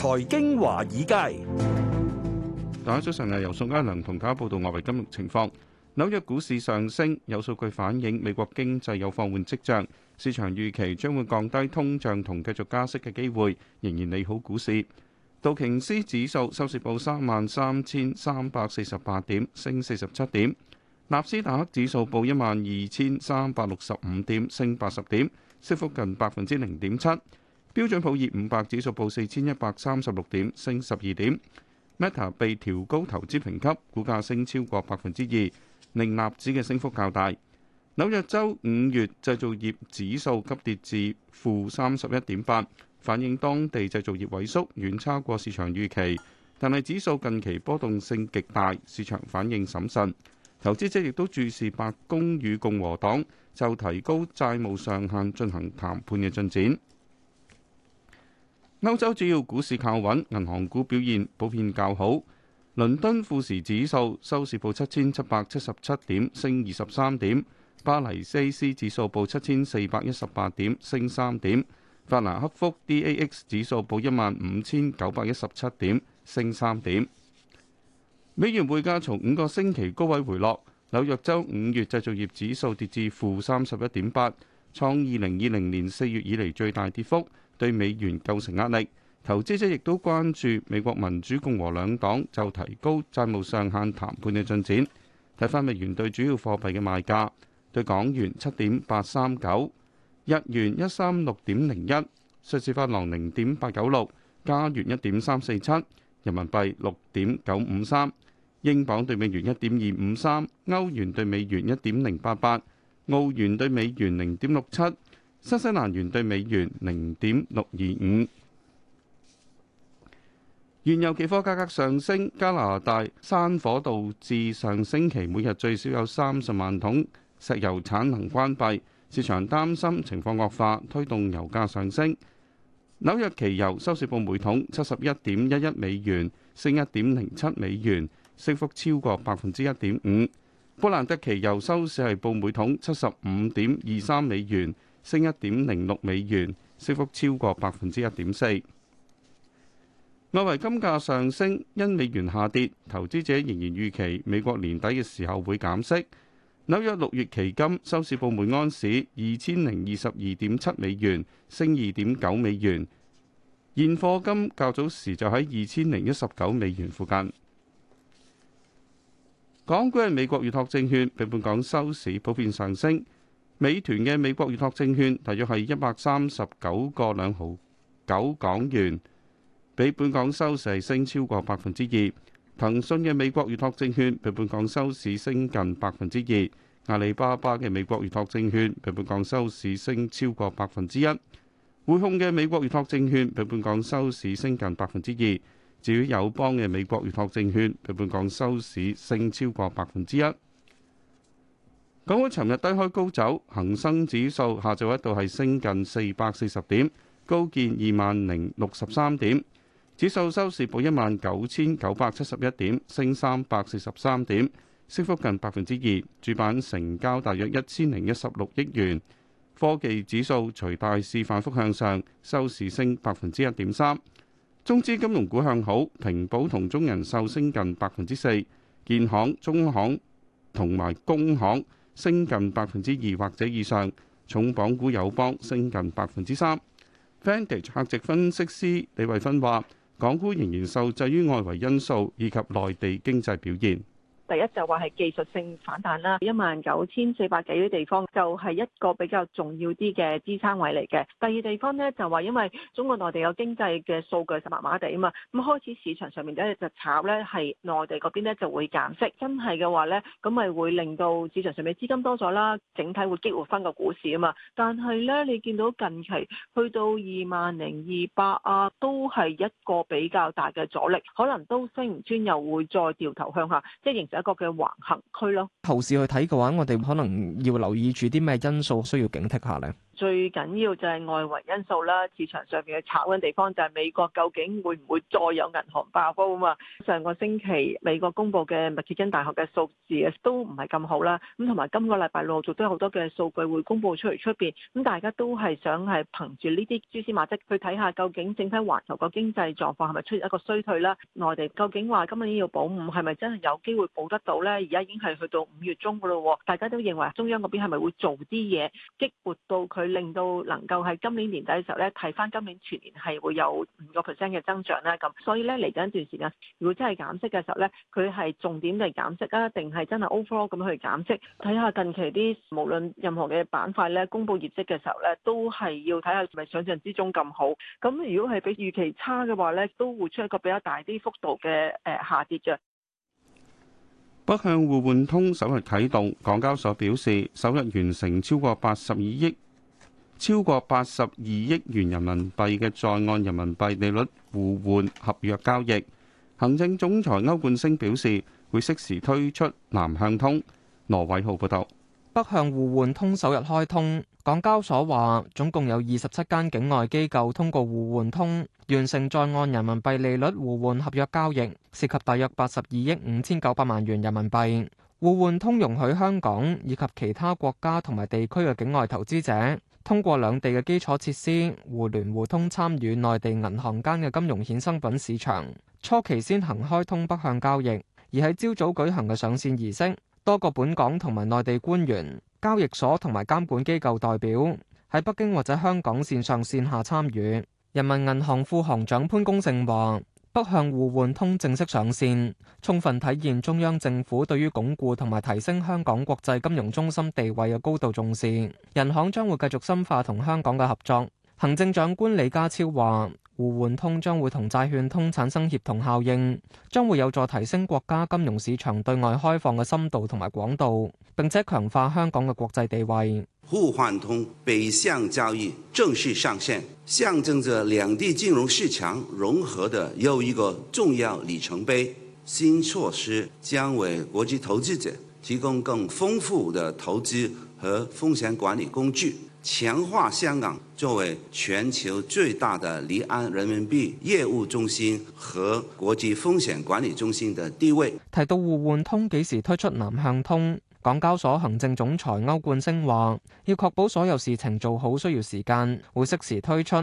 財經華爾街，大家早上好。由宋嘉良同大家報道外圍金融情況。紐約股市上升，有數據反映美國經濟有放緩跡象，市場預期將會降低通脹同繼續加息嘅機會，仍然利好股市。道瓊斯指數收市報三萬三千三百四十八點，升四十七點。納斯達克指數報一萬二千三百六十五點，升八十點，升幅近百分之零點七。標準普爾五百指數報四千一百三十六點，升十二點。Meta 被調高投資評級，股價升超過百分之二，令納指嘅升幅較大。紐約州五月製造業指數急跌至負三十一點八，8，反映當地製造業萎縮，遠差過市場預期。但係指數近期波動性極大，市場反應審慎。投資者亦都注視白宮與共和黨就提高債務上限進行談判嘅進展。歐洲主要股市靠穩，銀行股表現普遍較好。倫敦富時指數收市報七千七百七十七點，升二十三點；巴黎 CAC 指數報七千四百一十八點，升三點；法蘭克福 DAX 指數報一萬五千九百一十七點，升三點。美元匯價從五個星期高位回落。紐約州五月製造業指數跌至負三十一點八，創二零二零年四月以嚟最大跌幅。對美元構成壓力，投資者亦都關注美國民主共和兩黨就提高債務上限談判嘅進展。睇返美元對主要貨幣嘅賣價：對港元七點八三九，日元一三六點零一，瑞士法郎零點八九六，加元一點三四七，人民幣六點九五三，英鎊對美元一點二五三，歐元對美元一點零八八，澳元對美元零點六七。新西蘭元兌美元零點六二五，原油期貨價格上升。加拿大山火導致上星期每日最少有三十萬桶石油產能關閉，市場擔心情況惡化，推動油價上升。紐約期油收市報每桶七十一點一一美元，升一點零七美元，升幅超過百分之一點五。布蘭特期油收市係報每桶七十五點二三美元。1> 升一點零六美元，升幅超過百分之一點四。外圍金價上升，因美元下跌，投資者仍然預期美國年底嘅時候會減息。紐約六月期金收市報每安士二千零二十二點七美元，升二點九美元。現貨金較早時就喺二千零一十九美元附近。港股係美國預託證券，比本港收市普遍上升。美團嘅美國預託證券大約係一百三十九個兩毫九港元，比本港收市升超過百分之二。騰訊嘅美國預託證券比本港收市升近百分之二。阿里巴巴嘅美國預託證券比本港收市升超過百分之一。匯控嘅美國預託證券比本港收市升近百分之二。至於友邦嘅美國預託證券比本港收市升超過百分之一。港股尋日低開高走，恆生指數下晝一度係升近四百四十點，高見二萬零六十三點。指數收市報一萬九千九百七十一點，升三百四十三點，升幅近百分之二。主板成交大約一千零一十六億元。科技指數隨大市反覆向上，收市升百分之一點三。中資金融股向好，平保同中人壽升近百分之四，建行、中行同埋工行，升近百分之二或者以上，重磅股友邦升近百分之三。Vintage 客席分析師李慧芬話，港股仍然受制於外圍因素以及內地經濟表現。第一就話係技術性反彈啦，一萬九千四百幾啲地方就係一個比較重要啲嘅支撐位嚟嘅。第二地方咧就話，因為中國內地有經濟嘅數據實麻麻地啊嘛，咁開始市場上面咧就炒咧係內地嗰邊咧就會減息，真係嘅話咧，咁咪會令到市場上面資金多咗啦，整體會激活翻個股市啊嘛。但係咧，你見到近期去到二萬零二百啊，都係一個比較大嘅阻力，可能都升唔穿又會再掉頭向下，即係形一個嘅橫行區咯，後市去睇嘅話，我哋可能要留意住啲咩因素需要警惕下咧？最緊要就係外圍因素啦，市場上面嘅炒嘅地方就係美國究竟會唔會再有銀行爆煲啊嘛？上個星期美國公布嘅密歇根大學嘅數字都唔係咁好啦，咁同埋今個禮拜六都有好多嘅數據會公布出嚟出邊，咁大家都係想係憑住呢啲蛛絲馬跡去睇下究竟整體環球嘅經濟狀況係咪出現一個衰退啦？內地究竟話今年要保五係咪真係有機會保得到呢？而家已經係去到五月中噶咯喎，大家都認為中央嗰邊係咪會做啲嘢激活到佢？令到能夠喺今年年底嘅時候咧，睇翻今年全年係會有五個 percent 嘅增長啦。咁所以咧嚟緊一段時間，如果真係減息嘅時候咧，佢係重點係減息啊，定係真係 overall 咁去減息？睇下近期啲無論任何嘅板塊咧，公布業績嘅時候咧，都係要睇下係咪想象之中咁好。咁如果係比預期差嘅話咧，都會出一個比較大啲幅度嘅誒下跌嘅。北向互換通首日啟動，港交所表示首日完成超過八十二億。超過八十二億元人民幣嘅在岸人民幣利率互換合約交易。行政總裁歐冠升表示，會適時推出南向通。羅偉浩報導，北向互換通首日開通，港交所話總共有二十七間境外機構通過互換通完成在岸人民幣利率互換合約交易，涉及大約八十二億五千九百萬元人民幣。互換通容許香港以及其他國家同埋地區嘅境外投資者，通過兩地嘅基礎設施互聯互通，參與內地銀行間嘅金融衍生品市場。初期先行開通北向交易，而喺朝早舉行嘅上線儀式，多個本港同埋內地官員、交易所同埋監管機構代表喺北京或者香港線上線下參與。人民銀行副行長潘功勝話。北向互換通正式上線，充分體現中央政府對於鞏固同埋提升香港國際金融中心地位嘅高度重視。人行將會繼續深化同香港嘅合作。行政長官李家超話。互換通將會同債券通產生協同效應，將會有助提升國家金融市場對外開放嘅深度同埋廣度，並且強化香港嘅國際地位。互換通北向交易正式上線，象徵着兩地金融市場融合的又一個重要里程碑。新措施將為國際投資者提供更豐富嘅投資和風險管理工具。強化香港作為全球最大的離岸人民幣業務中心和國際風險管理中心的地位。提到互換通幾時推出南向通？港交所行政總裁歐冠星話：要確保所有事情做好需要時間，會適時推出。